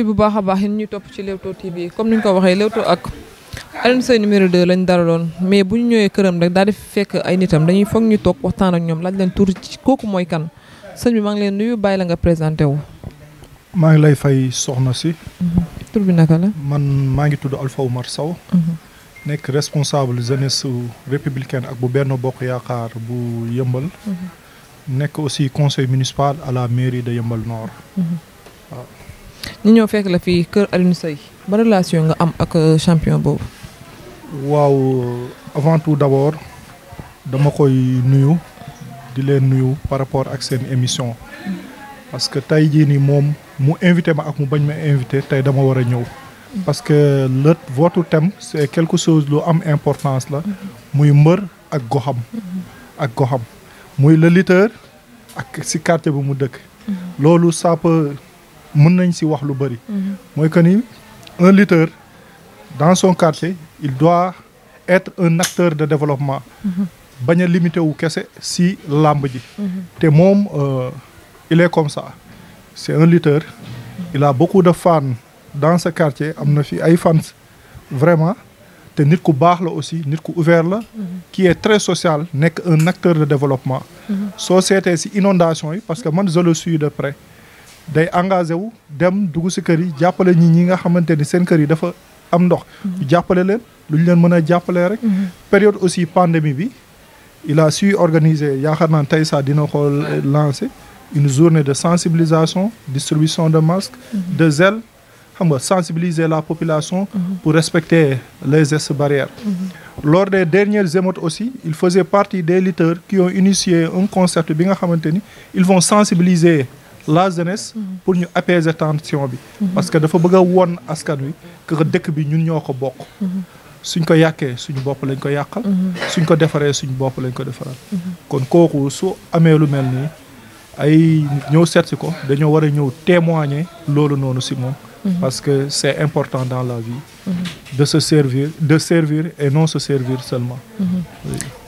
nuyu bu baax a baax yéen ñuy topp ci Leewtoo TV comme ni ñu ko waxee Leewtoo ak Alioune Seye numéro 2 lañ daraloon mais bu ñu ñëwee këram rek daal di fekk ay nitam dañuy foog ñu toog waxtaan ak ñoom laaj leen tuuti ci kooku mooy kan sëñ bi maa ngi bàyyi la nga présenté wu. maa ngi lay fay soxna si. Mhm. tur bi naka la. man maa ngi tudd Alpha Oumar saw mhm. nekk responsable jeunesse républicaine ak bu benn bokk yaakaar bu yëmbal. Mhm. nekk aussi conseil municipal à la mairie de Yëmbal noor waaw. ñu ñëw fekk la fii kër Alioune Seye ba relation nga am ak euh, champion boobu. waaw avant tout d'abord dama koy nuyu di leen nuyu par rapport ak seen émission parce que tey jii nii moom mu invité ma ak mu bañ ma invité tey dama war a ñëw. parce que le votre thème c'est quelque chose lu am importance la muy mbër ak goxam ak goxam muy le litter ak si quartier bi mu dëkk mm-hmm. loolu ça peut mën nañ si wax lu bëri. Mhm. mooy que ni un lutteur dans son quartier il doit être un acteur de développement. Mhm. bañ a limité wu kese si làmb ji. Mhm. te moom euh, il est comme ça c'est un lutteur. il a beaucoup de fans dans ce quartier am na fi ay fans vraiment te nit ku baax la aussi nit ku ouvert la. qui est très social nekk un acteur de développement. soo seetee si inondation yi parce que man je le suis de près. day engagé wu dem dugg si kër yi jàppale ñi ñi nga xamante ni seen kër yi dafa am ndox. Mhm. jàppale leen lu ñu leen mën a jàppalee rek. Mhm. période aussi pandémie bi il a su organiser yaakaar naa tey sax dina ko lancer une journée de sensibilisation distribution de masques. Mhm. de gel xam nga sensibiliser la population. pour respecter les gestes barrières. lors des dernières émeutes aussi il faisait partie des lutteurs qui ont initié un concept bi nga xamante ni ils vont sensibiliser. la jeunesse pour ñu apaiser tension bi parce que dafa bëgg a won askan wi que dëkk bi ñun ñoo ko bokk suñ ko yàqee suñu bopp lañ ko yàqal suñ ko defaree suñu bopp lañ ko defaral kon kooku su amee lu mel nii ay ñëw seetsi ko dañoo war a ñëw témoigner loolu noonu si moom parce que c'est important dans la vie de se servir de servir et non se servir seulement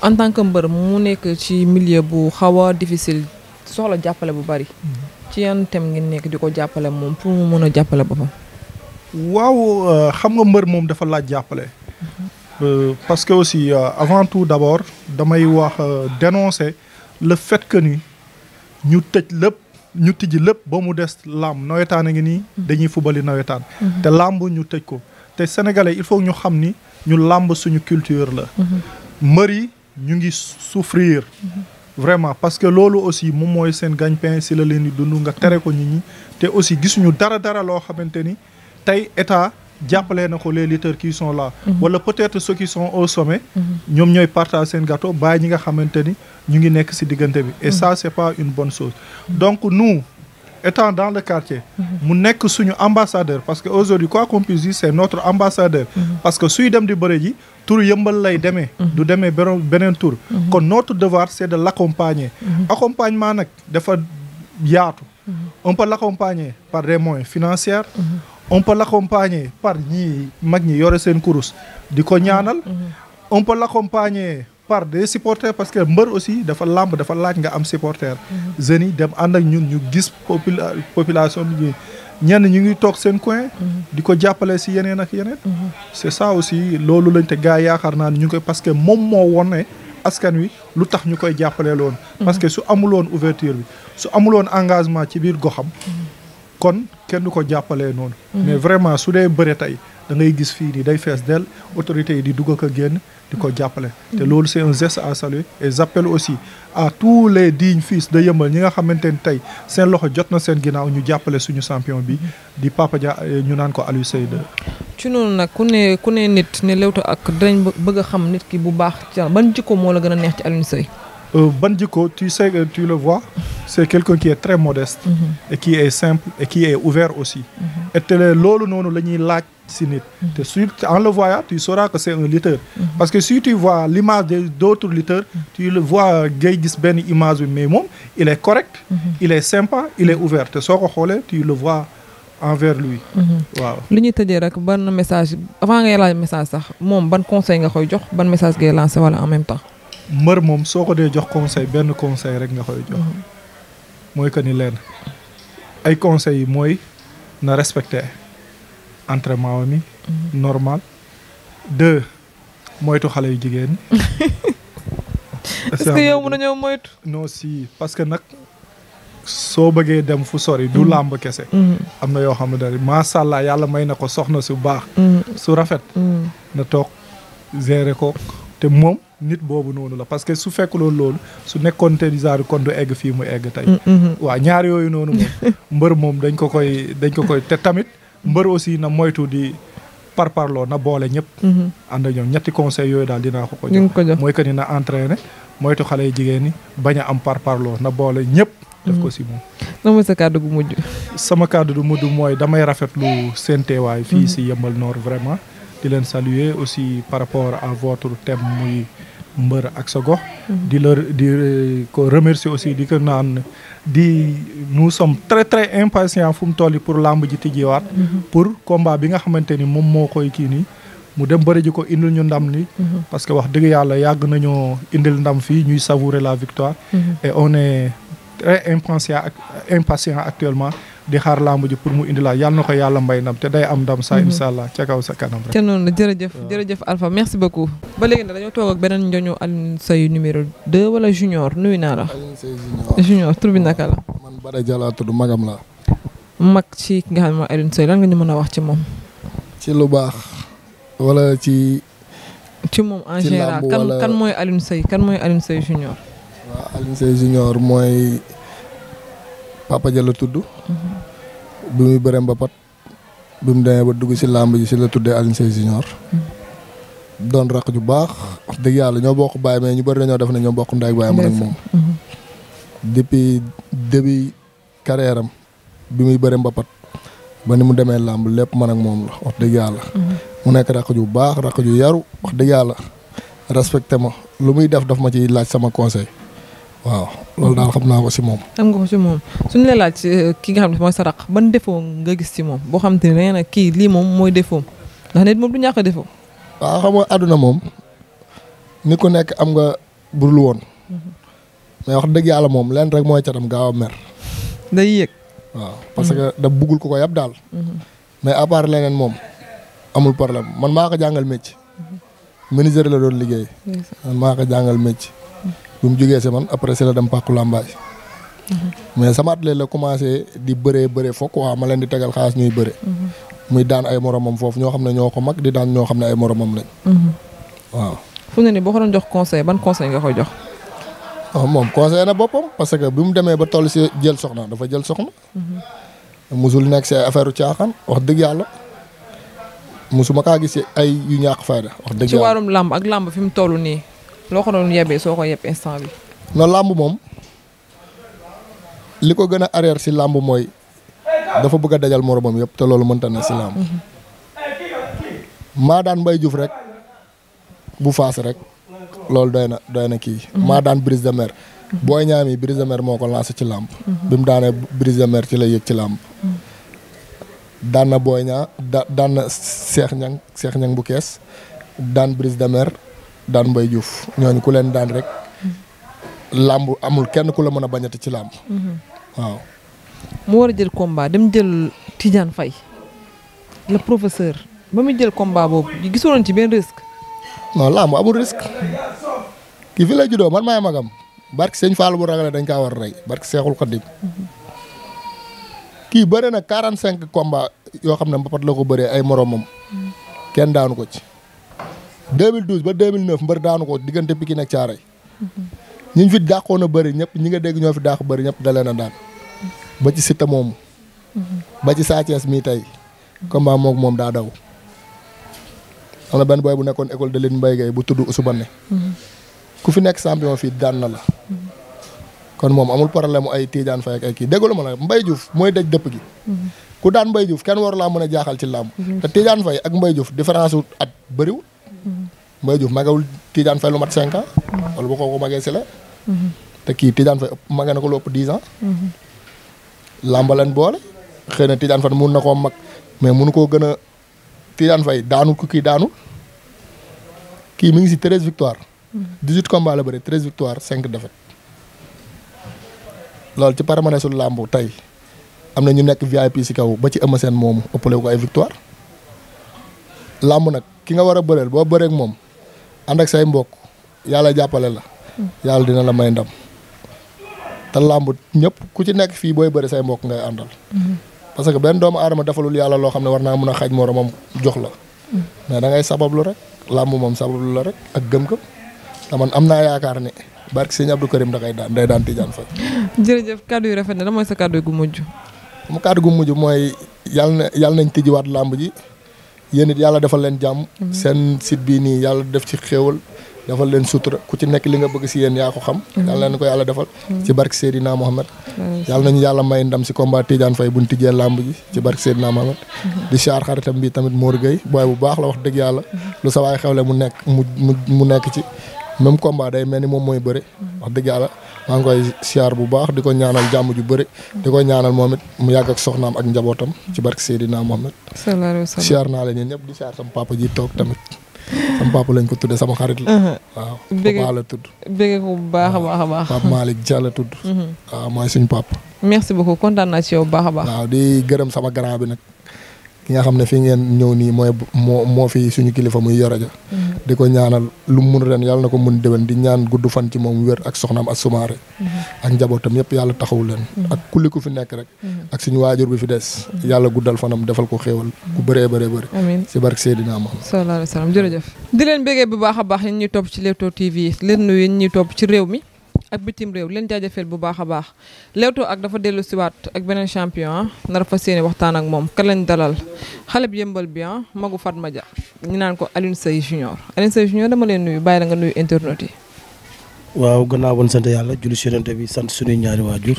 en tant que mbër mu nekk ci milieu bu xaw a difficile soxla jàppale bu bari ci yan tem ngeen nekk di ko jàppale moom pour mu mën a jàppale boppam. waaw euh, xam nga mbër moom dafa laaj jàppale. Euh, parce que aussi euh, avant tout d'abord damay wax dénoncer le fait que ni ñu tëj lépp ñu tijji lépp ba mu des làmb nawetaan a ngi nii dañuy fubali nawetaan. Mhm. te làmb ñu tëj ko te sénégalais il faut ñu xam ni ñu làmb suñu culture la. Mhm. mbër yi ñu ngi souffrir. Mhm. vraiment parce que loolu aussi moom mooy seen gagne-pain si la leen di dund nga tere ko nit ñi te aussi gisuñu dara dara loo xamante ni tey état jàppale na ko les lutteurs qui son la mhm. wala peut-être ceux qui sont au sommet. Mhm. ñoom ñooy partage seen gato bàyyi ñi nga xamante ni ñu ngi nekk si diggante bi. et mhm. ça c'est pas une bonne chose. donc nu étant dans le quartier. mu nekk suñu ambassadeur parce que aujourd'hui quoi qu'on puisse c'est notre ambassadeur. parce que suy dem di bëre ji. tur yëmbal lay demee. Mhm. du demee beneen beneen tur. Mhm. kon nootu devoir c' est de l' mhm. nag dafa yaatu. on peut par des moyens financiers. on peut l' accompagner par ñi mag ñi yore seen kurus di ko ñaanal. on peut l' par des supporters parce que mbër aussi dafa làmb dafa laaj nga am supporter. jeunes dem ànd ak ñu gis population bi ñenn ñu ngi toog seen coin. Mhm. di ko jàppale si yeneen ak yeneen. Mhm. c'est ça aussi loolu lañ te gars yaakaar naa ni ñu koy parce que moom moo wone askan wi lu tax ñu koy jàppale loon mhm. parce que su amuloon ouvertir bi su amuloon engagement ci biir goxam. kon kenn ko jàppale noonu. mais vraiment su dee bëre tey. da ngay gis fii nii day fees dell autorité yi di dugg ak a génn di ko jàppale. te loolu c'est un geste à saluer et j'appelle aussi à tous les dignes fils de Yeumbeul ñi nga xamante ni tey seen loxo jot na seen ginnaaw ñu jàppale suñu champion bi di Papa ñu naan ko Aliou Seyde. ci noonu nag ku ne ku ne nit ne Leewtoo ak dinañ bëgg xam nit ki bu baax ci ban jikko moo la gën a neex ci Aliou Seye. Euh, ban jikko tu sais tu le vois. c'est quelqu'un qui est très modeste. Mhm. et qui est simple et qui est ouvert aussi. Mhm. et te loolu noonu la ñuy laaj si nit. Mhm. te su en le voyant tu sauras que c'est un lutteur. parce que si tu vois l'image des d'autres lutteurs. tu le vois ngay gis benn image bi mais moom il est correct. il est sympa il est ouvert te soo ko xoolee tu le vois. envers lui. waaw lu ñuy tëjee rek ban message avant ngay laaj message sax moom ban conseil nga koy jox ban message ngay lancer en même temps. mbër moom ko jox conseil benn conseil rek nga koy mooy que ni leen ay conseils yi mooy na respecter entraînement wa mi mhm. normal deux xale yu jigéen est-ce que yow mën moytu non si parce que nag soo bëggee dem fu sori du mhm. làmb kese mhm. am na yoo xam ne dari macha allah yàlla may na ko soxna su baax su rafet na toog gérer ko te moom nit boobu noonu la parce que su fekk loolu loolu su nekkoon te Zarko kon du egg fii mu egg tey mm, mm-hmm. waaw ñaar yooyu noonu moom mbër moom dañ ko koy dañ ko koy te tamit mbër aussi na moytu di par parloo na boole ñëpp mm-hmm. ànd ñetti conseil yooyu daal dinaa ko ko jox mooy que ni na entraîné moytu ñi bañ am par parloo na boole ñëpp def ko mm-hmm. si moom na mooy sa kàddu gu mujj sama kàddu du mujj mooy damay rafet rafetlu seen teewaay fii si Yeumbeul Nord vraiment di leen saluer aussi par rapport à votre thème muy mbër ak sa gox. di la di ko remercier aussi di ko naan di nous sommes très très impatients fu mu toll pour làmb ji tijjiwaat. Mhm. pour combat bi nga xamante ni moom moo koy kii nii. mu dem bëri ji ko indil ñu ndam ni mhm. parce que wax dëgg yàlla yàgg nañoo indil ndam fii ñuy savourer la victoire. Mhm. et on est très impatient ak impatient actuellement. di xaar lamb ji pour mu indi laa yàlla na ko yàlla mbay nam te day am ndam saa mhm. incha allah ca kaw sa kanam rek. te noonu jërëjëf jërëjëf Alpha merci beaucoup. ba léegi nag dañoo toog ak beneen njoñu Alioune Seye numéro 2 wala junior nuyu naa la. Alioune Seye junior junior tur bi naka la. man Bada Dia laa tudd magam laa. mag ci nga xam ne mooy Alioune Seye lan nga ñu mën a wax ci moom. ci lu baax wala ci. ci moom en général kan mooy alin Seye mooy Alioune Seye junior. junior mooy. Papa Dia la tudd. bi muy bëreem ba pat bi mu demee ba dugg si làmb ji si la tuddee Alioune Sèye Junior. doon raq ju baax wax dëgg yàlla ñoo bokk baay mais ñu bëri dañoo def ne ñoo bokk ndey ak baay man ak moom. depuis début carrière bi muy bëreem ba pat ba ni mu demee làmb lépp ma ak moom la wax dëgg yàlla. mu nekk raq ju baax raq ju yaru wax dëgg yàlla respecté ma lu muy def daf ma ci laaj sama conseil. waaw loolu daal xam naa ko si moom. xam nga ko si moom suñu la laaj euh, ki nga xam ne mooy sa raq ban défaut nga gis si moom boo xam te ne nag kii lii moom mooy défaut ndax nit moom du ñàkk a défaut. waaw xam nga àdduna moom ni ko nekk am nga burlu woon. Mhm. mais wax dëgg yàlla moom leen rek mooy catam gaaw a mer. day yéeg. waaw parce que mhm. da buggul ko ko yab daal. Mhm. mais à part moom amul problème man maa ko jàngal métier. menuisier la doon liggéey. man maa ko jàngal métier. bi mu jógee si man après si la dem pàkku làmbaay mm-hmm. mais sama atlet la commencé di bëree bëree foog waa ma leen di tegal xaalis ñuy bëre. Mm-hmm. muy daan ay moromam foofu ñoo xam ne ñoo ko mag di daan ñoo xam ne ay moromam lañ. Mm-hmm. waaw. fu ne nii boo ko doon jox conseil ban conseil nga koy jox. Ah, moom conseil na bi mu ba toll si jël soxna dafa jël soxna. musul nekk si affaire caaxaan wax dëgg yàlla. musuma kaa gis ay yu ñàkk fayda wax dëgg yàlla ci wàllum làmb ak làmb fi mu nii. loo ko doon yebee soo ko yeb làmb moom li ko gën a arrière làmb mooy dafa bëgg a dajal moromam yëpp te loolu mënta na si làmb. maa mhm. daan Mbaye Diouf rek bu faas rek loolu doy na doy na kii. Mhm. maa daan Brise de Mer. Mhm. booy ñaami Brise de Mer moo ko lancé ci làmb. bi mu daanee Brise de Mer ci la yëg ci làmb. daan na booy ñaa da daan na Cheikh Niang bu kees daan Brise de Mer. daan Mbaye juuf ñooñ ku leen daan rek làmb amul kenn ku la mën a bañati ci làmb waaw mu war a jël combat dem jël Tidiane fay le professeur ba muy jël combat boobu gisoon ci benn risque non làmb amul risque ki fi la juddoo man maay magam barke sëñ Fall bu dañ kaa war a rey barke Seexul Xadim kii bëre na quarante cinq combat yoo xam ne mbapat la ko bëree ay moromam kenn daanu ko ci 2012 ba 2009 mbër daanu ko diggante Pikine ak Thiaroye ñi ñu fi dàqoon a bëri ñëpp ñi nga dégg ñoo fi dàq bëri ñëpp dalee daan ba ci Siteu moomu ba ci Sa Thiès mii tey combat moom daa daw am benn booy bu nekkoon école de line Mbaye bu tudd Ousmane ku fi nekk champion fii daan na la kon moom amul problème ay Tidiane Faye ak ay kii déggalu ma la Mbaye Diouf mooy daj dëpp gi ku daan Mbaye Diouf kenn waru laa mën a jaaxal ci làmb te Tidiane ak Mbaye Diouf différence at Mbaye Diouf magawul Tidiane Faye lu mat cinq ans mhm. wala bu ko magee si la mhm. te kii Tidiane Faye ëpp na ko lu ëpp dix ans mhm. làmba leen boole xëy na Tidiane Faye mun na koo mag mais munu koo gën a Tidiane Faye daanul ku kii daanul kii mi ngi si treize victoire dix huit combats la bëri treize victoire cinq défaites loolu ci palmarèsu làmb tey am na ñu nekk VIP ci kaw ba ci Eumeu Sène moomu ëppale ko ay victoire làmb nag ki nga war a bëreel boo bëree moom ànd ak say mbokk yàlla jàppale la. yàlla dina la may ndam. te làmb ñëpp ku ci nekk fii booy bëri say mbokk ngay àndal. parce que benn doomu aadama defalul yàlla loo xam ne war naa mun a xaj moromam jox la. mais da ngay sabablu làmb moom sabablu la ak gëm-gëm te man am naa yaakaar ne barke sëñ Abdou Karim da koy daan day daan Tidiane Faye. jërëjëf kàddu yi rafet na lan mooy sa kàddu gu mujj. mu kàddu gu mujj mooy yàlla na yàlla nañ tijjiwaat làmb ji. yéen it yàlla defal leen jàmm. Mhm. seen site bii nii yàlla def ci xewal defal leen sutura ku ci nekk li nga bëgg si yéen yaa ko xam. Mhm. yàlla leen ko yàlla defal. Mhm. ci barke Seydina Mohamed. yàlla nañu yàlla may ndam si combat Tidiane Faye bu ñu tijjee làmb ji ci barke na Mohamed. di char xaritam bi tamit Mor Gueye booy bu baax la wax dëgg yàlla. lu sa waay xewle mu nekk mu mu mu nekk ci. même combat day mel ni moom mooy bëre. wax dëgg yàlla maa ngi koy siyaar bu baax di ko ñaanal jàmm ju bëri. di ko ñaanal moom it mu yàgg ak soxnaam ak njabootam. ci barke Seydina Mohamed. siyaar naa leen ñëpp di siyaar sama papa ji toog tamit. sama papa lañ ko tuddee sama xarit la. Uh-huh. waaw papa ko baax a baax a baax. Pape Malick Dia la tudd. Uh-huh. waaw mooy suñu papa. merci beaucoup kontaan naa ci yow bu baax a baax. waaw di gërëm sama grand bi nag. ki nga xam ne fii ngeen ñëw nii mooy moo moo fi suñu kilifa muy Yoro mm-hmm. di ko ñaanal lu mu mun ren yàlla na ko mun déwén di ñaan gudd fan ci moom wér ak soxnaam ak sumaare mm-hmm. ak njabootam yëpp yàlla taxaw leen mm-hmm. ak kulli ku fi nekk rek ak suñu waajur bi fi des yàlla guddal fanam defal ko xéewal ku bëree bëree bëri amiin si barke Seydina Muhammad sallallahu alayhi jërëjëf di leen bégee bu baax a baax yéen ñuy topp ci Leewtoo TV leen nuyu yéen ñuy topp ci réew mi ak bitim réew leen jaajëfeel bu baax a baax Leewtoo ak dafa dellu siwaat ak beneen champion nara fa seeni waxtaan ak moom kan lañ dalal xale bi yëmbal bi ah, magu Fatma Dia ñu naan ko Alioune Seye Junior Alioune Seye Junior dama leen nuyu bàyyi la nga nuyu internet yi waaw gannaaw bon sant yàlla julli séenante bi sant suñuy ñaari waajur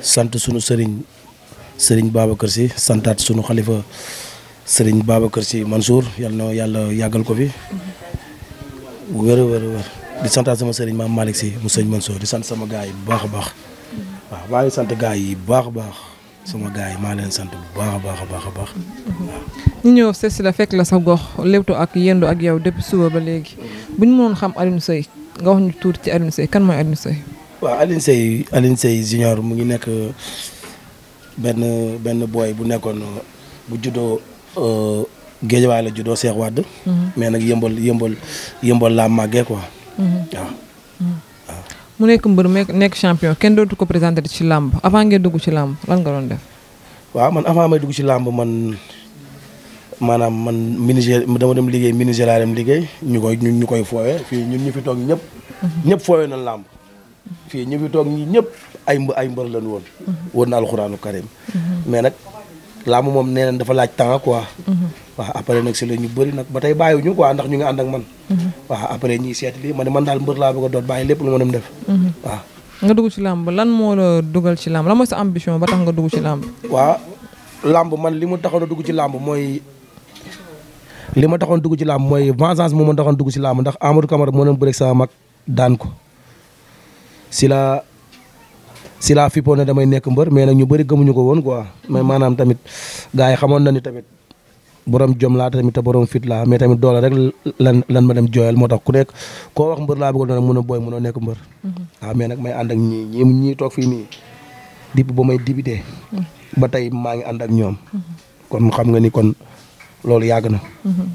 sant suñu sëriñ sëriñ kër si santaat suñu xalifa sëriñ Babacar Sy Mansour yal na yàlla yàggal ko fi mhm. wér wér wér di santaat sama sëriñ maam Malick si mu sëñ Mansour di sant sama gars yi bu baax a baax waaw maa ngi sant gaa yi bu baax a baax sama gaa yi maa leen sant bu baax a baax a baax a baax waaw. ñu ñëw seet si la fekk la sa gox Leewtoo ak yendu ak yow depuis suba ba léegi bu ñu mënoon xam Alioune Seye nga wax ñu tuuti ci Alioune Seye kan mooy Alioune Seye. waaw Alioune Seye Alioune Seye junior mu ngi nekk benn benn boy bu nekkoon bu juddoo. Euh, Géejawaay la juddoo Cheikh Wade. Mhm. mais nag yëmbal yëmbal yëmbal laa màggee quoi. waaw. mu nekk mbër mu nekk champion kenn dootu ko présenté ci làmb avant ngeen dugg ci làmb lan nga doon def. waaw man avant may dugg ci làmb man maanaam man ministère dama dem liggéey ministère laa dem liggéey ñu koy ñu ñu koy fooyee fii ñun ñu fi toog ñëpp. Mhm. ñëpp fooyee na làmb. fii ñu fi toog ñi ñëpp ay ay mbër lañu woon. Mhm. woon na alxuraanu karim mhm. mais nag. làmb moom nee nañ dafa laaj temps quoi. waaw après nag si la ñu bëri nag ba tey ñu quoi ndax ñu ngi ànd ak man. waaw après ñuy seet lii ma ne man daal mbër laa bëgg a doon bàyyi lépp lu ma doon def. nga dugg ci làmb lan moo la ci làmb lan mooy sa ambition ba tax nga dugg si làmb. waaw làmb man li mu taxoon a dugg ci làmb mooy. li ma taxoon dugg ci làmb mooy vengeance moo ma taxoon dugg si làmb ndax Amadou Camara moo doon bëreeg sama mag daan ko si si laa fippoon ne damay nekk mbër mais nag ñu bëri gëmuñu ko woon quoi mais maanaam tamit gars yi xamoon na ni tamit borom jom laa tamit te borom fit laa mais tamit doole rek lan lan ma dem jooyal moo tax ku nekk koo wax mbër laa bëggoon a booy mm-hmm. ah, ba may dibitee mm-hmm. ba tey maa ngi mm-hmm. na.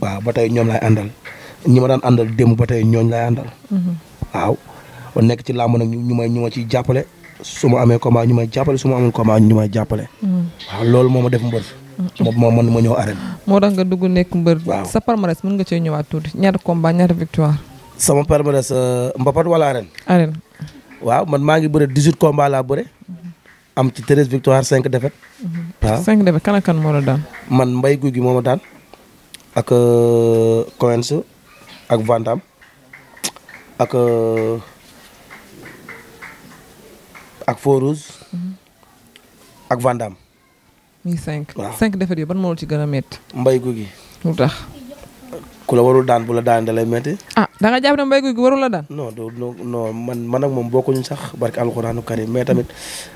waaw ba tey ñoom laay àndal ñi ma daan àndal démb ba tey ñooñ laay àndal. waaw nekk ci làmb nag ñu may ñu ma ciy jàppale. su ma amee combat ñu may jàppale ma amul combat ñu may jàppale. Mm. waaw loolu moo ma def mbër. moo man ma ñëw arène. moo tax nga dugg nekk mbër. waaw sa palmarès mën nga cee ñëwaat tuuti ñaata combat ñaata victoire. sama palmarès euh, mbapat wala arène. waaw man maa ngi bëre 18 combats laa bëre. Mm-hmm. am ci 13 victoire 5 défaites. Mm-hmm. waaw 5 défaites kan ak kan moo la daan. man mbay guy gi moo daan. ak euh, Coense ak Vandam euh, ak Forouz. Mhm. ak Vandam. muy cinq waaw cinq défaites yi ban moo ci gën a métti. mbay gu gi. lu tax. ku la warul daan bu la daan da lay métti. ah da nga jàpp ne mbay gu gi warul la daan. non non non man man ak moom bokkuñu sax barke alxuraanu karim mais tamit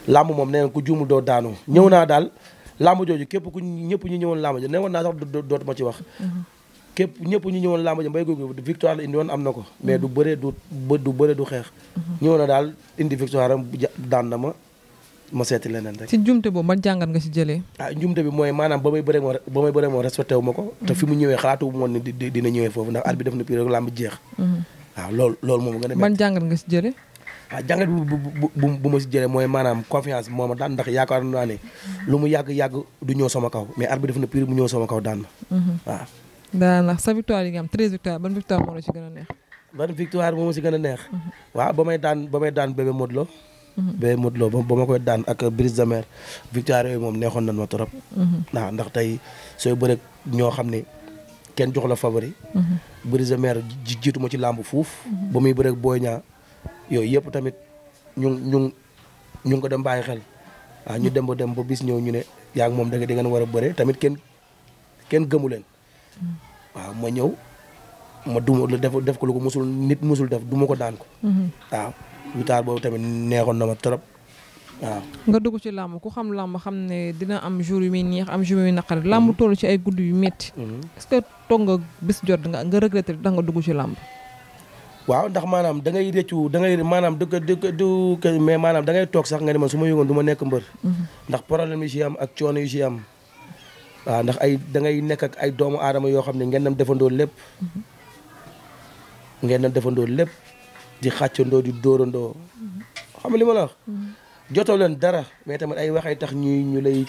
làmb moom nee na ku juumul doo daanu ñëw naa daal làmb jooju képp ñëpp ñu ñëwoon làmb jooju ne woon naa sax dootuma ci wax. Mhm. képp ñëpp ñu ñëwoon làmb ja mbay googu victoire la indi woon am na ko mais du bëre du du na daal indi victoire am ma ma seeti leneen man jàngat nga ci jëlee. ah njumte bi mooy maanaam ba may bëree moom ba may bëree moom respecté wu ma ko. te fi mu ñëwee xalaatu wu ma woon ni dina ñëwee foofu ndax at bi def na pire rek nga demee. man jàngat nga ah bu bu bu ma ci jëlee mooy maanaam confiance bi moom daan ndax yaakaar naa ne lu mu yàgg yàgg du ñëw sama kaw mais at bi def na pire mu ñëw sama kaw daan na mm-hmm. daan ndax sa victoire yi nga am treize victoire ban victoire a neex. ban victoire moo ma gën a neex. Mm-hmm. waaw ba may daan ba may daan bébé Modou Lo. Mm-hmm. bébé Modou Lo ba ma koy daan ak Brise de Mer victoire yooyu moom neexoon nañ ma trop. Mm-hmm. ndax tey sooy bëreeg ñoo xam ne kenn jox la favori. Brise de Mer ji ci làmb fuuf. ba muy bëreeg Boy Niang yooyu yëpp tamit ñu ñu ñu ngi ko dem bàyyi xel. waaw ñu dem ba dem ba bis ñëw ñu ne yaa ngi moom da nga di war a bëre tamit kenn kenn gëmu leen. waaw ma ñëw ma duma lu def ko lu ko musul nit musul def duma ko daan ko. Mhm. waaw victoire boobu tamit neexoon na ma trop waaw. nga dugg ci làmb ku xam làmb xam ne dina am jour yu muy neex am jour yu muy mhm. ci ay guddi yu métti. Mhm. est nga bis jot nga nga regretté ndax dugg ci làmb. waaw ndax maanaam da ngay rëccu da ngay maanaam du ko du du mais maanaam da ngay toog sax ma yëgoon nekk mbër. ndax problème yu ci am ak coono yu ci am. waaw ndax ay dangay ngay nekk ak ay doomu aadama yoo xam ne ngeen nam defandoo lépp ngeen nam defandoo lépp di xàccandoo di dóorandoo xam li ma la wax leen dara mais tamit ay waxee tax ñuy ñu lay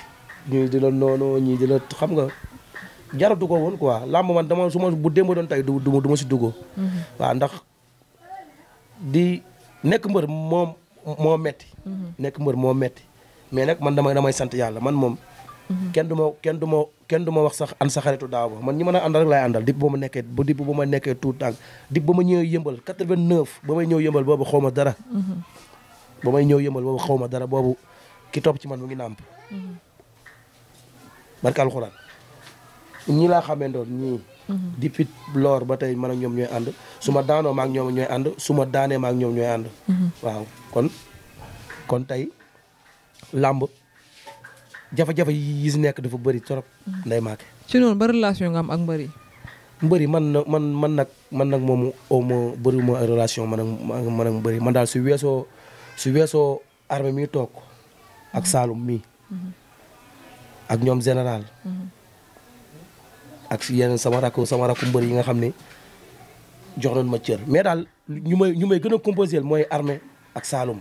ñuy di la noonu ñii di la xam nga jaratu ko woon quoi làmb man dama su ma bu démb doon tey du du ma si duggoo waaw ndax di nekk mbër moom moo metti mhm. nekk mbër moo metti mais nag man damay damay sant yàlla man moom kenn du ma kenn du ma kenn du ma wax sax an sa xaritu daaw ba man ñi mën a àndal rek laay àndal dipp ba ma nekkee ba dipp ba ma nekkee tout tànk dipp ba ma ñëw yëmbal 89 ba may boobu xaw ma dara ba may ñëw yëmbal boobu xaw ma dara boobu ki topp ci man mu ngi nàmp barka alxuraan ñii laa xameendoon ñii depuis loor ba tey man a ñoom ñooy ànd su ma daanoo maak ñoom ànd su ma daanee maak ñoom ñooy ànd mhm. waaw kon tey làmb jafe-jafe yi si nekk dafa bëri trop. Mm. nday maake ci noonu ba relation nga am ak mbëri. mbëri man na man man nag man nag moomu oo ma bëriwuma relation man ak man ak mbëri man daal su weesoo su weesoo armée mi ak mm-hmm. Saalum mii. Mm-hmm. ak ñoom général. Mm-hmm. ak yeneen sama rakk yi nga xam ne jox nañ ma cër mais daal ñu may ñu a composé mooy armée ak Saalum.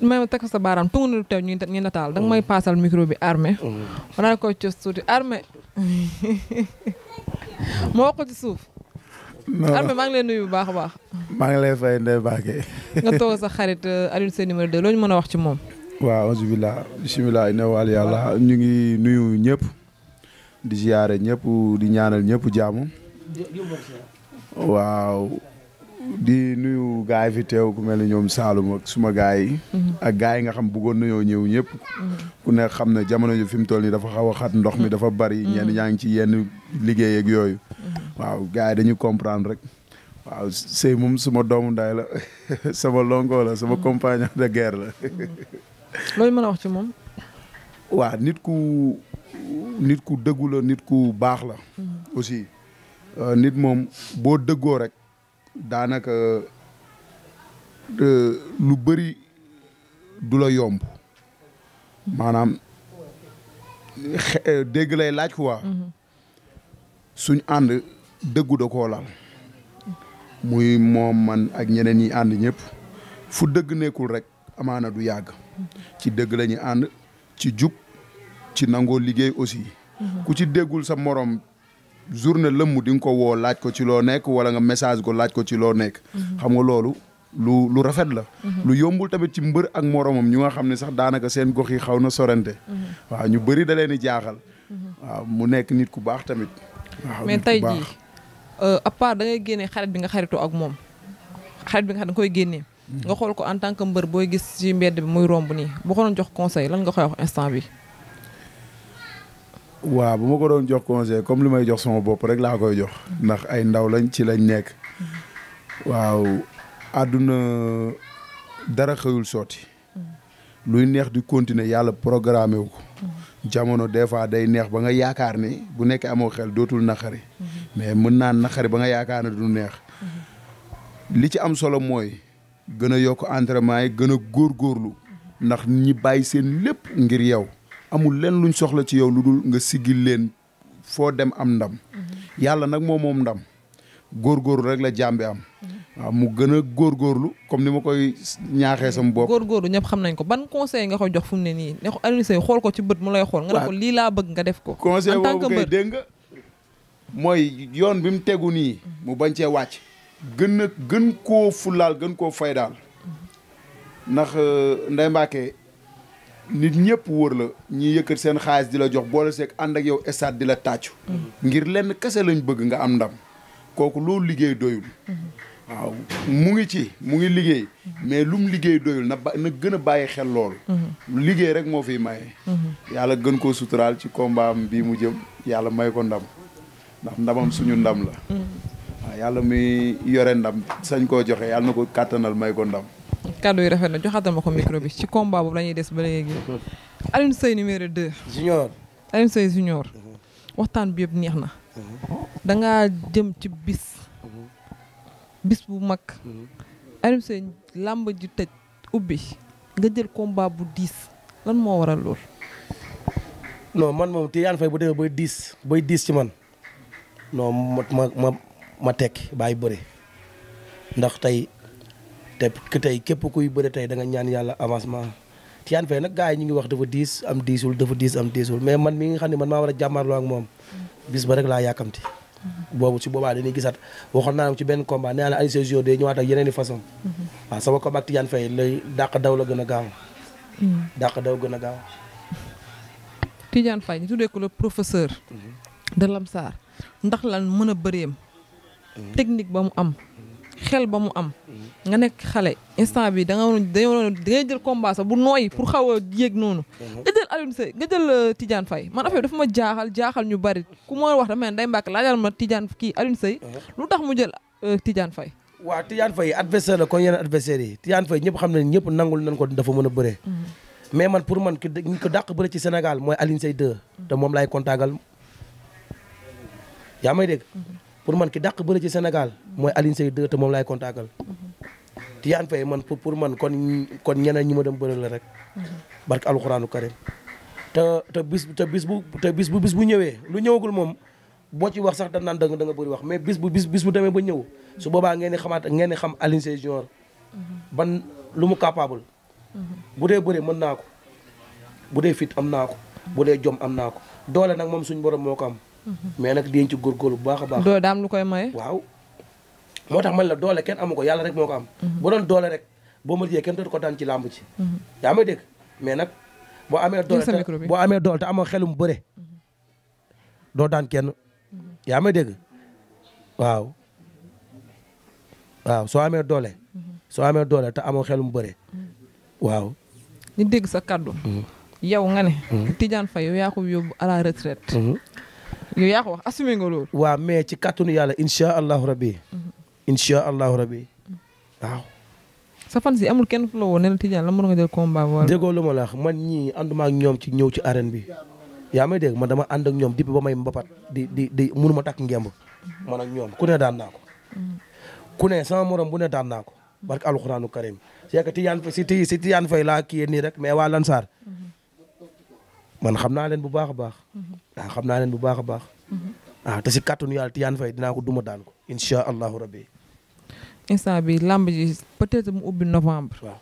may ma teg sa baaraam tungu na lu teew nataal danga may mm. paasal micro bi armé. Mm. ma daal koy cos tuuti armé. ma wax ko suuf. armé maa ngi nuyu bu baax a baax. maa ngi lay fay Ndeye Mbacke. nga toog sa xarit euh, Alioune Sèye numéro 2 loo ñu mën a wax ci moom. waaw alhamdulilah bisimilah inna wal yàlla ñu ngi nuyu ñëpp. di ziare ñëpp di ñaanal ñëpp jaamu. waaw. di nuyu gaay fi teew ku mel ni ñoom Saalum suma gaa yi. Mhm. ak gaay yi nga xam bëggoon nañoo ñëw ñëpp. Mhm. ku ne xam ne jamono ji fi mu toll nii dafa xaw xat ndox mi mhm. dafa bari. ñenn ñaa ngi ci yenn liggéey ak yooyu. waaw gaay dañu comprendre rek. waaw sëy moom suma doomu ndaay la sama lonko la sama compagnon de guerre la. looy mën a wax ci moom. waa nit ku nit ku dëggu la nit ku baax la. aussi euh, nit moom boo dëggoo rek. daanaka euh, lu bëri du la yomb maanaam euh, dégg lay laaj quoi. Mhm. suñ ànd dëggu da koo lal muy moom man ak ñeneen yi ànd ñëpp fu dëgg nekkul rek amaana du yàgg ci dégg la ànd ci jub ci nangoo liggéey aussi mhm. ku ci déggul sa morom journée lëmm di nga ko woo laaj ko ci loo nekk wala nga message ko laaj ko ci loo nekk. Mhm. xam nga loolu lu lu rafet la. Mhm. lu yombul tamit ci mbër ak moroomam ñu nga xam ne sax daanaka seen gox yi xaw na sorante. Mhm. waaw ñu bari da leen di jaaxal. mu nekk nit ku baax tamit. mais tey jii euh, à da ngay génne xarit bi nga xaritoo ak moom xarit bi nga xam da koy génnee. nga xool ko en tant que mbër booy gis ci mbedd bi muy romb nii boo ko doon jox conseil lan nga koy wax instant bi waaw bu ma ko doon jox conseil comme li may jox sama bopp rek laa koy jox ndax ay ndaw lañ ci lañ nekk waaw àdduna dara xëyul sotti luy neex di continuer yàlla programmé wu ko jamono des fois day neex ba nga yaakaar ni bu nekk amoo xel dootul naxari mais mën naa naqari ba nga yaakaar ne du neex li ci am solo mooy gën a yokk entraînement yi gën a góor góorlu ndax ñi bàyyi seen lépp ngir yow amul leen luñ soxla ci yow lu dul nga sigil leen foo dem am ndam mhm. yàlla nag moom moom ndam góorgóorlu rek la bi am mhm. waaw mu gën góor góorgóorlu comme ni ma koy ñaaxee sama bopp góorgóorlu ñëpp xam nañ ko ban conseil nga koy jox fu mu ne nii ne Aliou Seye xool ko ci bët mu lay xool nga ne ko lii laa bëgg nga def ko conseil boobu kay dégg nga mooy yoon bi mu tegu nii mu bañ cee wàcc gën a gën koo fulaal gën koo fay daal mhm. ndax euh, Ndeye Mbacke nit ñëpp wër la ñi yëkkat seen xaalis di la jox boole seeg ànd ak yow stade di la tàccu mhm. ngir lenn kese lañ bëgg nga am ndam kooku loolu liggéey doyul mhm. waaw mu ngi ci mu ngi liggéey mhm. mais lum liggéey doyul na ba na gën a bàyyi xel lool liggéey rek moo fi maye. yàlla gën koo suturaal ci combat am bii mu jëm yàlla may ko ndam ndax ndamam suñu ndam la waaw yàlla muy yore ndam sañ koo joxe yàlla na ko kàttanal may ko ndam kàddu yi rafet na joxaatal ma ko micro bi ci combat boobu la ñuy des ba léegi Alioune Seye numéro 2. junior Alioune Seye junior mhm. waxtaan bi yëpp neex na. Mhm. da jëm ci bis. Mhm. bis bu mag. Alioune Seye làmb ji tëj ubbi nga jël combat bu diis lan moo waral lool. non man moom Tidiane Faye bu demee bay diis bay diis ci man non ma ma ma tekki bàyyi bëri ndax tey te que da nga ñaan yàlla avancement Tidiane Faye nag gars yi ñu ngi wax dafa diis am diisul dafa diis am diisul mais man mi nga xam ne man maa a jàmmarloo ak moom bis ba a a tuddee ko le professeur de Lamsar ndax lan mën a bëreem mm-hmm. technique ba mu am xel ba mu am nga nekk xale instant bi da nga waroon da ngay jël combat sax bu nooyi pour xaw a yéeg noonu mhm. nga jël Alioune Seye nga jël euh, Tidiane Faye man affaire dafa ma jaaxal jaaxal ñu bari ku ma wax dama ne day mbàkk laajal ma Tidiane kii Alioune Seye mhm. lu tax mu jël euh, Tidiane Faye waaw Tidiane Faye adversaire la kon yeneen adversaire yi Tidiane Faye ñëpp xam ne ñëpp nangul nañ ko dafa mën a bëree mhm. mais man pour man ki ko dàq bëre ci Sénégal mooy Alioune Seye 2 te moom laay kontaagal yaa may dégg pour man ki dàq bëri ci senegal mooy Alioune Seye 2 moom laay contactal. Tidiane Faye man pour pour man kon kon ñeneen ñi ma dem bëri la rek. barke alxuraanu karim te te bis te bis bu te bis bu bis bu ñëwee lu ñëwagul moom boo ci wax sax da naan da nga da wax mais bis bu bis bis bu demee ba ñëw su boobaa ngeen di xamaat ngeen di xam Alioune Seye ban lu mu capable. bu dee bëri mën naa ko bu dee fit am naa ko. bu dee jom am naa ko doole nag moom suñu borom moo ko am. mais nag dinañ ci góorgóorlu bu baax a baax. doo daam lu koy maye. waaw moo tax man la doole kenn amu ko yàlla rek moo ko am. Mhm. bu doon doole rek boo ma jiyee kenn dootu ko daan ci làmb ci. Mhm. mais boo amee doole te boo amee doole te amoo xelum bëre. doo daan kenn mhm. yaa may dégg waaw. waaw doole. soo amee doole te amoo xelum bëre. waaw. ñu dégg sa kaddu. yow nga ne. Tidiane Faye yow yaa ko yóbbu à la retraite. yow yaa ko wax assumé nga loolu. waaw mais ci kàttanu yàlla incha allahu rabi. Mm-hmm. incha allahu rabi mm-hmm. waaw. si amul kenn ku la woo la Tidiane la mën nga jël combat wala. déggoo ma la wax man ñii ànduma ak ñoom ci ñëw ci arène bi. yaa ma dégg man dama ànd ak ñoom depuis ba may mbapat di di di mënuma takk ngemb. Mm-hmm. man ak ñoom ku ne daan naa ko. ku ne sama morom bu ne daan naa ko. barke alxuraanu karim c'est que Tidiane si laa kii nii rek mais waa Lansar. man xam naa leen bu baax a baax. Mhm. waaw xam naa leen bu baax a baax. waaw mhm. ah, te si kàttanu yàlla Tidiane Faye dinaa ko duma daan ko incha allahu rabbi. instant bi làmb ji peut-être mu ubbi novembre. waaw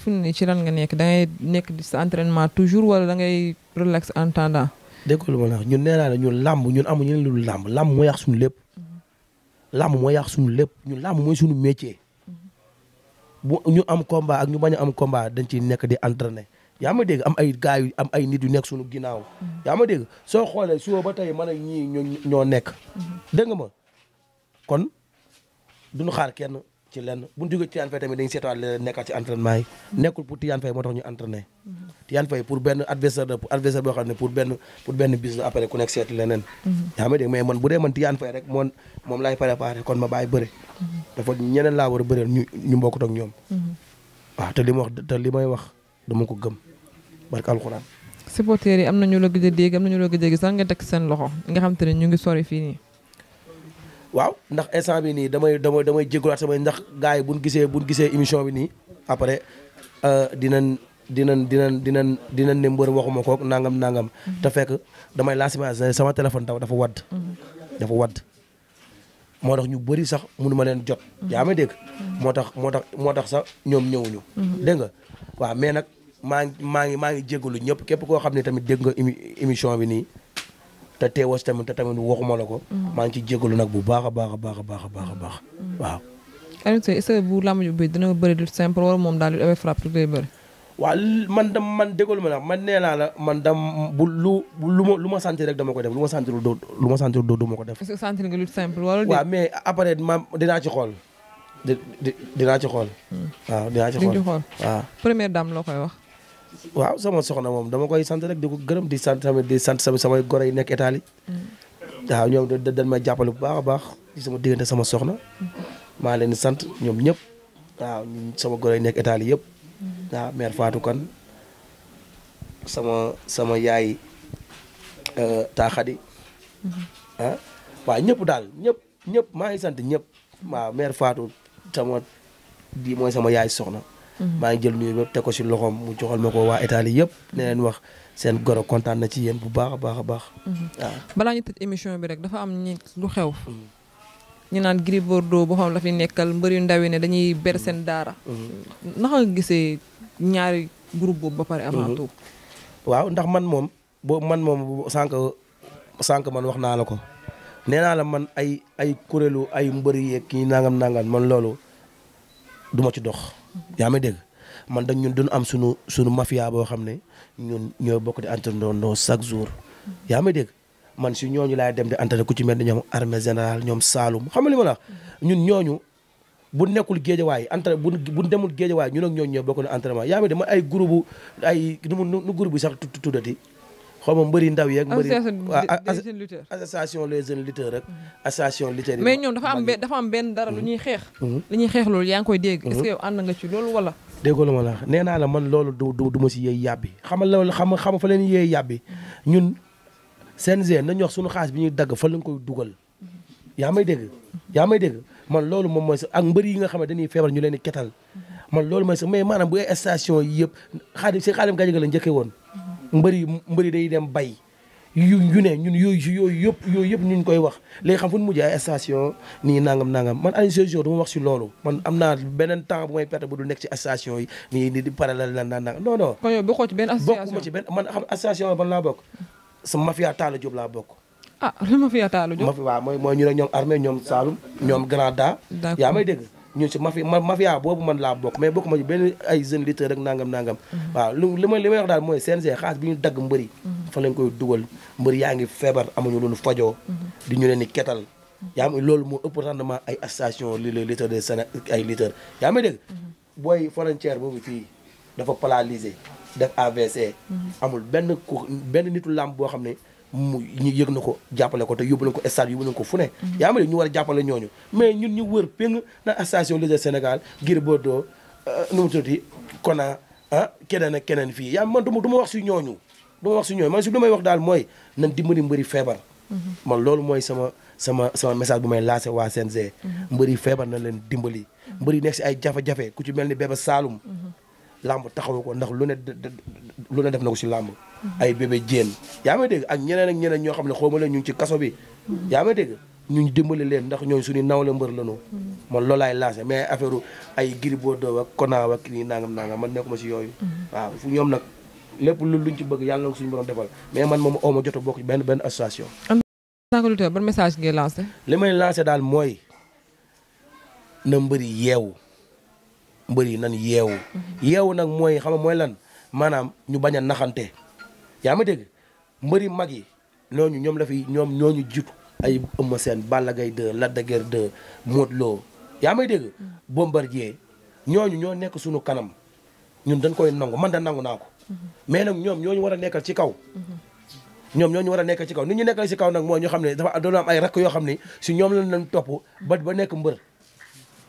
fu ni ci lan nga nekk da ngay nekk di sa entraînement toujours wala da ngay relax en attendant. dégg lu ma la ñun nee naa la ñun làmb ñun amuñu lu dul làmb làmb moo yàq suñu lépp. Mhm. làmb moo yàq suñu lépp ñun làmb mooy suñu métier. bu ñu am combat ak ñu bañ a am combat dañ ciy nekk di entraîner. yaa ma dégg am ay gars yu am ay nit yu nekk suñu ginnaaw mm-hmm. yaa ma dégg soo xoolee suba ba tey man ak ñii ñoo nekk mm-hmm. dégg nga ma kon duñu xaar kenn ci lenn bu ñu jógee Tidiane Faye tamit dañu seetaat leen nekkaat yi nekkul pour Tidiane Faye moo tax ñu entraîné mm-hmm. Tidiane Faye pour benn adversaire la adversaire boo xam ne pour benn pour benn bis la après ku nekk seet leneen yaa ma dégg mais man bu dee man Tidiane Faye rek moom moom laay préparé kon ma bàyyi bëre dafa ñeneen laa war a ñu ñu ñoom te li ma wax te li may wax dama ko gëm barke alxuraan. supporters yi am nañu la gëj a dégg am nañu la gëj a gis sax nga teg seen loxo nga xam te ne ñu ngi sori fii nii. waaw ndax instant bi nii damay damay damay jégaluwaat samay ndax gars yi bu ñu gisee bu ñu gisee émission bi nii après euh, dinañ dinañ dinañ dinañ dinañ ne mbër waxuma kook nangam nangam. Mhm. te fekk damay laas sama téléphone dafa wadd. Mhm. dafa wadd. moo tax ñu bëri sax mënu ma leen jot. Mhm. yaa ma dégg. moo tax moo tax moo tax sax ñoom ñëwuñu. dégg nga waaw nag. maa ngi maa ngi jégalu ñëpp képp koo xam ne tamit dégg nga émission bi nii te teewoo si tamit te tamit waxuma la ko. Mm. maa ngi ci jégalu nag bu baax a baax a baax a baax a baax mm. waaw. Alioune Seye est ce que bu làmb ji dina bëri lu moom daal lu amee frappe man dam man déggoo ma nag man nee naa la man dam bu lu lu ma lu ma sentir rek dama ko def lu ma sentir doo lu ma sentir doo du ko def. est ce que sentir nga lu simple wala. waaw mais après ma dinaa ci xool di dinaa ci xool. Mm. première dame loo wax. waaw sama soxna moom dama koy sant rek di ko gërëm di sant tamit sant sama samay goro yi nekk Italie mm. waaw ñoom da dañ may jàppale bu baax baax ci sama diggante sama soxna mm. maa leen di sant ñoom ñëpp waaw sama goro yi nekk Italie yëpp mm. euh, mm-hmm. ah, waaw ñëpp daal ñëpp ñëpp maa ngi sant ñëpp waaw mère Fatou sama bii mooy sama yaay soxna maa ngi jël nuyu ba teg ko si loxoom mu joxal ma ko waa Italie yëpp ne leen wax seen goro kontaan na ci yéen bu baax baax a baax. Mm-hmm. balaa ñu émission bi rek dafa am ñi lu xew. Mm-hmm. naan Gris Bordeaux boo xam la fi nekkal mbëri ndaw yi ne dañuy ber seen mm-hmm. daara. naka gisee ñaari groupe boobu ba pare avant tout. waaw ndax man moom man moom sànq sànq man wax naa la ko nee naa la man ay ay kuréelu ay mbëri yeeg kii nangam nangam man loolu duma ci dox. yaa ma dégg man dañ ñun duñu am suñu suñu mafia boo xam ne ñun ñooy bokk di entraînement chaque jour yaa ma dégg man si ñooñu laay dem di entraîné ku ci mel ni ñoom armée générale ñoom Saloum xam nga li ma la ñun ñooñu bu nekkul géejawaay entraîné bu bu demul géejawaay ñun ak ñooñu ñooy bokk di entraînement yaa may dégg man ay groupe ay nu mu nu groupe bi sax tuddati xaw ma mbëri ndaw yeeg. mbëri association les jeunes lutteurs rek. association lutteurs yi mais ñoom dafa am benn dafa am benn dara lu ñuy mm-hmm. xeex. Mm-hmm. li ñuy xeex loolu yaa ngi koy dégg. Mm-hmm. est-ce que yow ànd nga ci loolu wala. déggoo la ma la nee naa la man loolu du du du ma si yéey yàbbi xamal loolu xam xam fa leen yéey yàbbi ñun CNG nañu wax suñu xaalis bi ñuy dagg fa lañ koy dugal. yaa may dégg yaa may dégg man loolu moom mooy sax ak mbëri yi nga xam ne dañuy feebar ñu leen di ketal man loolu mooy sax mais maanaam bu ay station yi yëpp xaadim si xaadim Gadiaga la njëkkee woon mbër yi mbër yi day dem bay yu ñu ne ñun yooyu yooyu yëpp yooyu yëpp ñu koy wax léegi xam fu mu mujjee ay station nii nangam nangam man Alioune Sèye Junior du ma wax si loolu man am naa beneen temps bu may perte bu du nekk ci station yi nii di parallèle la naan non non. kon yow bokkoo ci benn association bokkuma ci benn man xam station ban laa bokk sa mafia Talla Diop laa bokk. ah lu mafia Talla Diop. mafia waaw mooy mooy ñu ne ñoom armée ñoom Saloum ñoom Grand Da. yaa may dégg. ñu ci mafia mafia boobu man laa bokk mais bokk ma ci benn ay jeune lutteur rek nangam nangam mhm. waaw lu li may li may daal mooy CNG xaalis bi ñu dagg mbëri mhm. fa koy dugal mbëri yaa ngi feebar amuñu lu ñu fajoo mhm. di ñu leen ketal yaa ngi loolu moo ëpp rendement ay association li de Séné ay lutteurs yaa may dégg booy frontière boobu fii dafa paralysé def AVC amul benn ku benn nitu làmb boo xam ne mu ñu yëg na ko jàppale ko te yóbbu nañ ko stade yóbbu nañ ko fu ne yaa ngi ñu war a jàppale ñooñu mais ñun ñu wër péng na station Léegi Sénégal Gris Bordeaux euh, nu mu tuddati Kona ah keneen ak keneen fii yaa man du ma wax si ñooñu ma wax si ñooñu man su li may wax daal mooy nan dimbali mbëri feebar mhm. man loolu mooy sama message bu ma lancé waa CNG mhm. mbëri feebar na leen dimbali mhm. mbëri nekk si ay jafe-jafe ku ci mel ni Bébé Saloum làmb taxawu ko ndax lu ne lu ne def na ko si làmb ay bébé jéen yaa may dégg ak ñeneen ñeneen ñoo xam ne xawma leen ñu ngi ci kaso bi yaa may dégg ñu dimbali leen ndax ñooñu suñu naw la mbër lanoo man loolaay lancé mais affaire ay Gris Bordeaux ak Kona ak nii nangam nangam man nekkuma si yooyu waaw fu ñoom nag lépp lu luñ ci bëgg yàlla na ko suñu borom defal mais man moom ooma jot a bokk benn benn association Ndaaka Lutteur ban message ngay lancé li may lancé daal mooy na mbëri yeewu mbëri nan yeewu mhm. yeewu nag mooy xam nga mooy lan maanaam ñu bañ a yaa ma dégg mbëri mag yi ñooñu ñoom la fi ñoom ñooñu jiitu ay Eumeu Sène Balla Gaye 2 Lac de Guiers 2 Modou Lo yaa may dégg Bombardier ñooñu ñoo nekk suñu kanam ñun dañ koy nangu man da nangu naa ko mais nag ñoom ñooñu war a nekkal ci kaw ñoom ñooñu war a nekkal ci kaw nit ñu nekkal ci kaw nag mooy ñu xam ne dafa doon am ay rakk yoo xam ne si ñoom la leen topp ba ba nekk mbër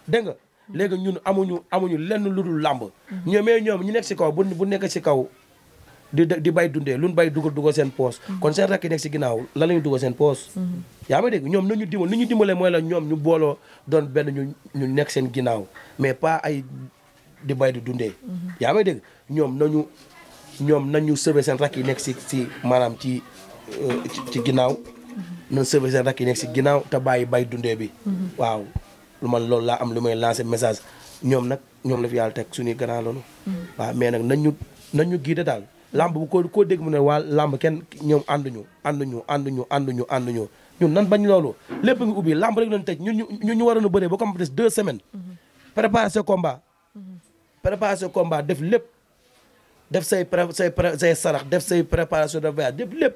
dégg nga léegi ñun amuñu amuñu lenn lu dul làmb mm-hmm. ñoom mais ñoom ñu nekk ci kaw bu bu nekk ci kaw di di dundee lu ñu bay dugal dugal seen poos mhm. kon seen rakk yi nekk si ginnaaw la la ñu dugal seen poos mhm. yaa may dégg ñoom nu ñu dimbal ñu dimbalee mooy la ñoom ñu booloo doon benn ñu ñu nekk seen ginnaaw mais pas ay di bay di dundee mhm. yaa may dégg ñoom nañu ñoom nañu sëbe seen rakk yi nekk si si maanaam ci euh, ci ginnaaw nañ sëbe seen rakk yi nekk si ginnaaw te bàyyi bay dundee bi waaw lu man loolu laa am lu may lancer message ñoom nag ñoom la fi yàlla teg suñuy gannaaw loolu waaw mais nag nañu nañu giide daal lamb bu ko koo dégg mu ne waa lamb kenn ñoom ànduñu ànduñu ànduñu ànduñu ànduñu ñun nan bañ loolu lépp ngi ubbi lamb rek lañ tëj ñun ñu ñu waroon a bëree ba comme des deux semaines. Mm-hmm. préparer ce combat. Mm-hmm. préparer ce combat def lépp def say pré say say def say préparation de voyage def lépp.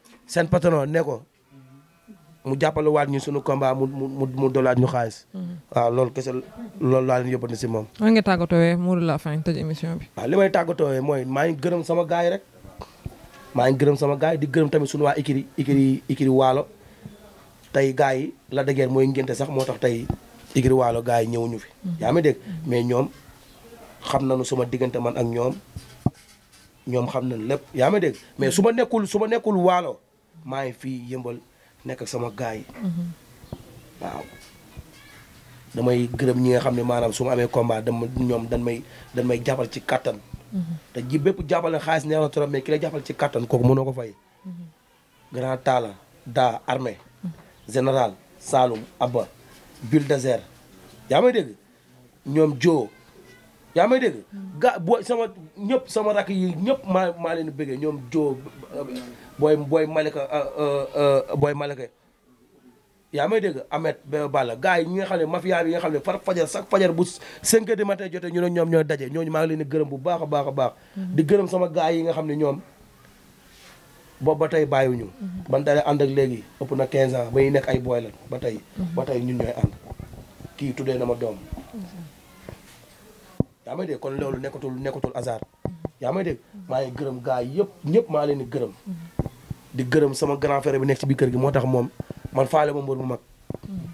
seen patron ne ko mu jàppalewaat ñu sunu combat mu mu mu dolaat ñu xaalis. Mm-hmm. waaw loolu kese loolu laa leen yóbbante si moom. lan nga tàggatoo mu la fin tëj émission bi. mooy maa ngi gërëm sama gaay rek maa ngi gërëm sama gaay di gërëm tamit sunu waa Ikiri Ikiri Ikiri Waalo tey gaay yi la dëgër mooy ngénte sax moo tax tey Ikiri Waalo gaay yi ñëwuñu fi. Mm-hmm. yaa ngi dégg mais ñoom xam nañu sama diggante man ak ñoom ñoom xam nañ lépp yaa ngi dégg mais su ma nekkul su ma nekkul Waalo. maa ngi fii yëmbal nekk sama gars yi. damay gërëm ñi nga xam ne maanaam su ma amee combat dama ñoom dañ ci kattan. te ji bépp jàppale xaalis neex na trop mais ki la ci kattan kooku mënoo ko fay. grand taala da armée général Saloum Abba Bulldozer yaa may dégg ñoom joo booy booy Malika euh, euh, euh, booy Malika yaa may dégg Amet ba Balla gars yi ñi nga xam ne mafia yi nga xam ne far fajar chaque fajar bu 5 heures du matin jotee ñu ne ñoom ñooy daje ñooñu ma ngi leen di gërëm bu baax a baax a baax. Mhm. di sama gars yi nga xam ne ñoom boobu ba tey bàyyiwuñu. Mhm. ban dalee léegi ëpp na 15 ans ba ñuy nekk ay booy ba tey. Mhm. ba tey ñun ñooy ànd kii tuddee ma doom. yaa may dégg kon loolu nekkatul nekkatul hasard. yaa may dégg maa ngi gërëm yëpp ñëpp maa leen di gërëm. di gërëm sama grand frère bi nekk ci kër gi moo tax moom man faale ma mbër mag.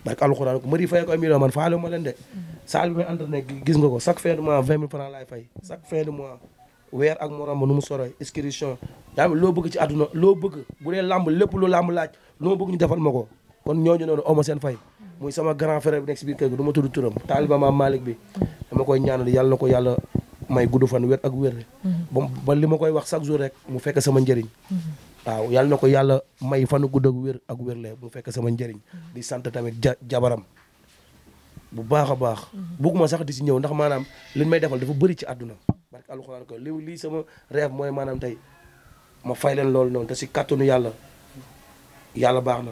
barke alxuraan ko mëri fay ko ay million ma leen de. saal bi may entraîné gis nga ko chaque fin de mois vingt mille francs laay fay chaque fin de ba bu dee làmb lépp lu làmb laaj loo bëgg ñu defal ma ko kon ñooñu noonu oma seen fay muy sama grand frère bi nekk si biir kër gi du ma tudd turam taaliba maam Malick bi dama koy ñaanal yàlla na ko yàlla may gudd fan wér ak wér mm-hmm. ba li ma koy wax chaque jour rek mu fekk sama njëriñ mm-hmm. waaw yàlla na ko yàlla may fanu gudd ak wér ak wér le bu fekk sama njëriñ di sant tamit ja jabaram bu baax a baax mhm. bugguma sax di si ñëw ndax maanaam liñ may defal dafa bëri ci àdduna barke alxuraan ko li sama rêve mooy maanaam tey ma fay leen loolu noonu te si kàttanu yàlla yàlla baax na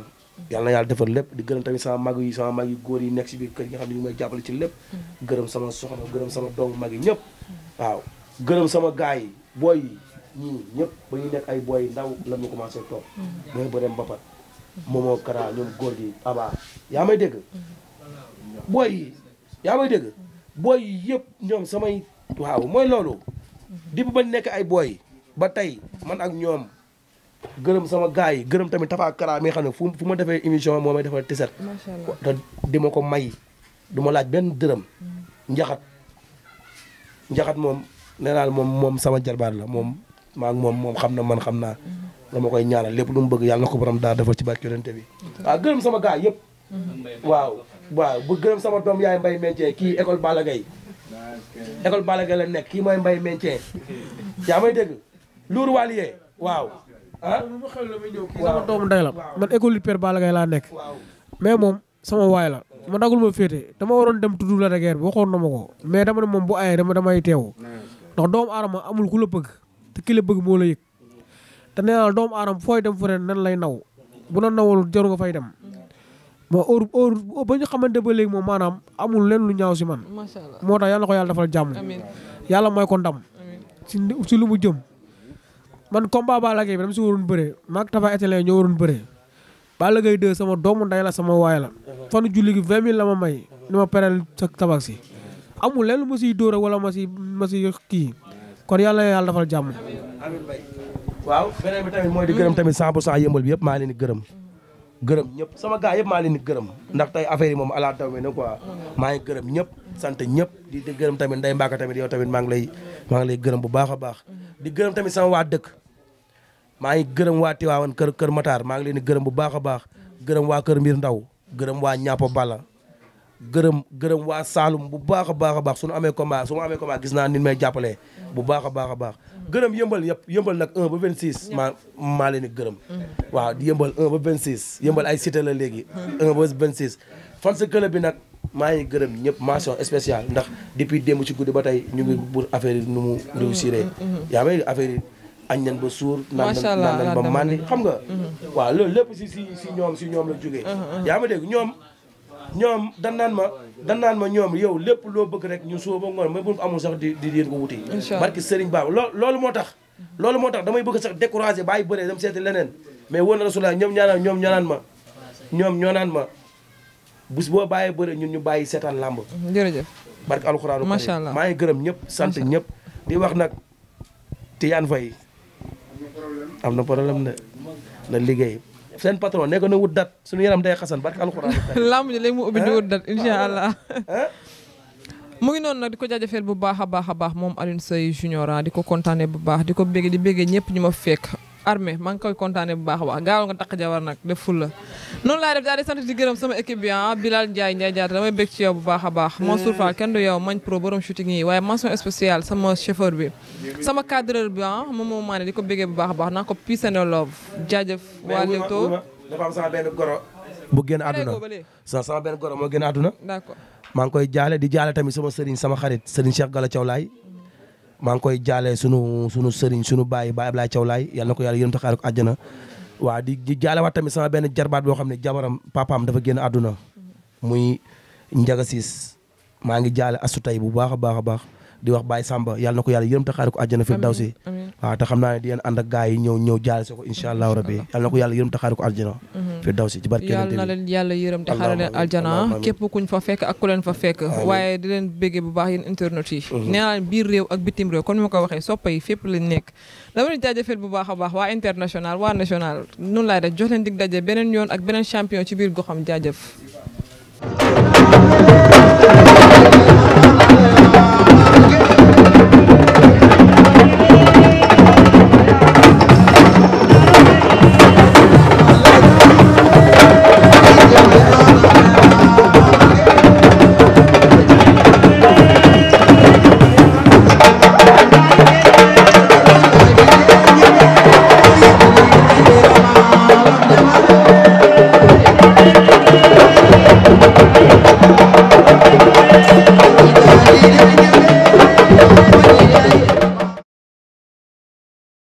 yàlla na yàlla defal lépp di gërëm tamit sama mag yi sama mag yi góor yi nekk si biir kër yi nga xam ne ñu may jàppale ci lépp mhm. gërëm sama soxna gërëm sama doomu mag ñëpp mhm. waaw gërëm sama ñii ñëpp ba nekk ay booy la ñu commencé toog. ñooy bëree mbapat. moomoo Kara ñoom góor gi Aba yaa may dégg. booy yëpp ñoom samay waaw mooy loolu. dibu ba nekk ay booy ba tey man ak ñoom gërëm sama gars yi gërëm tamit Tafa Kara mi nga xam ne fu ma defee émission moo may defal tiset. di ma ko may du ma laaj benn dërëm. njaxat njaxat moom nee moom sama jarbaar la moom. maa moom moom xam na man xam naa dama koy ñaanal lépp lu mu bëgg yàlla na ko borom daa defal ci bàcc yonente bi mm-hmm. waaw mm-hmm. sama doom yaay mbay mencee kii école Balla Gaye la nekk kii mooy mbay mencee yaa may dégg luur waliyee waaw ah sama doomu ndey la man école Père Balla Gaye laa nekk mais moom sama waay la man dagul ma féete dama waroon dem tudd la de guerre waxoon na ma ko mais dama ne moom bu ayee dama damay teewu ndax doomu aadama amul ku la bëgg te ki la bëgg moo la yëg te nee doomu aadama fooy dem fu ne nan lay naw bu la nawul jaru nga fay dem. moo heure ba ñu xamante ba léegi moo maanaam amul leen lu ñaaw si man. macha allah moo tax yal na ko yàlla defal jàmm. yàlla mooy ko ndam. si si lu mu jëm. man combat Balla Gaye bi dama si waroon bëree maag Tapha Atelier ñoo waroon bëree. Balla Gaye 2 sama doomu nday la sama waay la. fanu julli gi 20 000 la ma may. ni ma pereel sa tabax si. amul leen lu ma siy dóora wa ma si ma kon yàlla yàlla dafal jàmm. amiin bay waaw beneen bi tamit mooy di gërëm tamit saabu saa cent yëmbal bi yëpp maa leen di gërëm. gërëm ñëpp sama gars yëpp maa leen di gërëm ndax tey yi moom ala taw na quoi maa ngi gërëm ñëpp sant ñëpp di gërëm tamit nday Mbaka tamit yow tamit maa ngi lay maa ngi lay gërëm bu baax a baax di gërëm tamit sama waa dëkk maa ngi gërëm waa Tiwaawan kër kër Matar maa ngi leen gërëm bu baax a baax gërëm waa kër Mbir Ndaw gërëm waa Ñaapa Bala gërëm gërëm waa Saalum bu baax a baax a baax su amee combat su gis naa nit may jàppalee bu baax a baax a baax gërëm yëmbal yëpp nag 1 ba 26 maa maa gërëm waaw ba ay cité la léegi 1 ba 26 fan sa club bi nag maa ngi gërëm ñëpp mention spéciale ndax depuis démb ci guddi ba tey ñu ngi pour affaire yi nu mu réussir mm-hmm, mm-hmm. yaa may affaire a añ nañ ba suur naan nañ ba màndi xam nga mm-hmm. waaw loolu si si si la jógee yaa ma dégg ñoom ñoom dan naan ma dan naan ma ñoom yow lépp loo bëgg rek ñu suba ba ngoon mais bu amul sax di di yéen ko wuti barki sëriñ Ba loo loolu moo tax loolu moo tax damay bëgg sax découragé bàyyi bëree dem seeti leneen mais wóor na rasulaa ñoom ñaanaan ñoom ñaanaan ma ñoom ñoo naan ma bés boo bàyyee bëre ñun ñu bàyyi seetaan làmb jërëjëf barki alxuraanu macha allah maa ngi gërëm ñëpp sant ñëpp di wax nag Tidiane Faye am na problème de na liggéey seen patron ne ko na wut dat suñu yaram day xasan barke alxuraan lamb ji léegi mu ubbi ñu wut dat incha ah. allah mu ngi noonu nag di ko jaajëfeel bu baax a baax a baax moom Alioune Seye junior ah, di ko kontaane bu baax di ko bégg di béggee ñëpp ñu ma fekk armée maa ngi koy kontaanee bu baax a baax gaawal nga takk jabar nag def ful la noonu laay def daal di sant di gërëm sama équipe bi ah, a baax hmm. Mansour Fall kenn du yow mañ pro borom shooting yi waaye mention sama chauffeur bi sama bi ah moom moo maa ne di ko bégee bu baax baax naa ko peace and love jaajëf waa Leewtoo dafa am sama benn goro bu génn àdduna sa sama benn goro moo génn àdduna d'accord maa ngi koy jaale di jaale tamit sama sëriñ sama xarit sëriñ Cheikh Gala Thiaw Laye maa ngi koy jaalee sunu sunu sëriñ sunu baay baay Ablaye Thiaw Laay yàlla na ko yàlla yërëm ta xaar ko àjjana waaw di di jaalewaat tamit sama benn jarbaat boo xam ne jabaram papaam dafa génn àdduna muy njaga siis maa ngi jaale asutay bu baax a baax a baax di wax Baye Samba yàlla na ko yàlla yërëm te xaare ko àjjana firdawsi waaw te xam naa ne di ngeen ànd ak yi ñëw ñëw jaale sa ko insha allahu rabbi yàlla na ko yàlla yërëm te xaare ko àjjana firdawsi ci barke yàlla na leen yàlla aljana képp kuñ fa fekk ak ku fa fekk waaye di leen béggee bu baax yéen internet yi mhm. nee naa biir réew ak bitim réew kon ma ko waxee soppa yi fépp lañ nekk dama leen jaajëfal bu baax a baax waa international waa national noonu laay def jox leen dig yoon ak beneen champion ci biir goxam jaajëf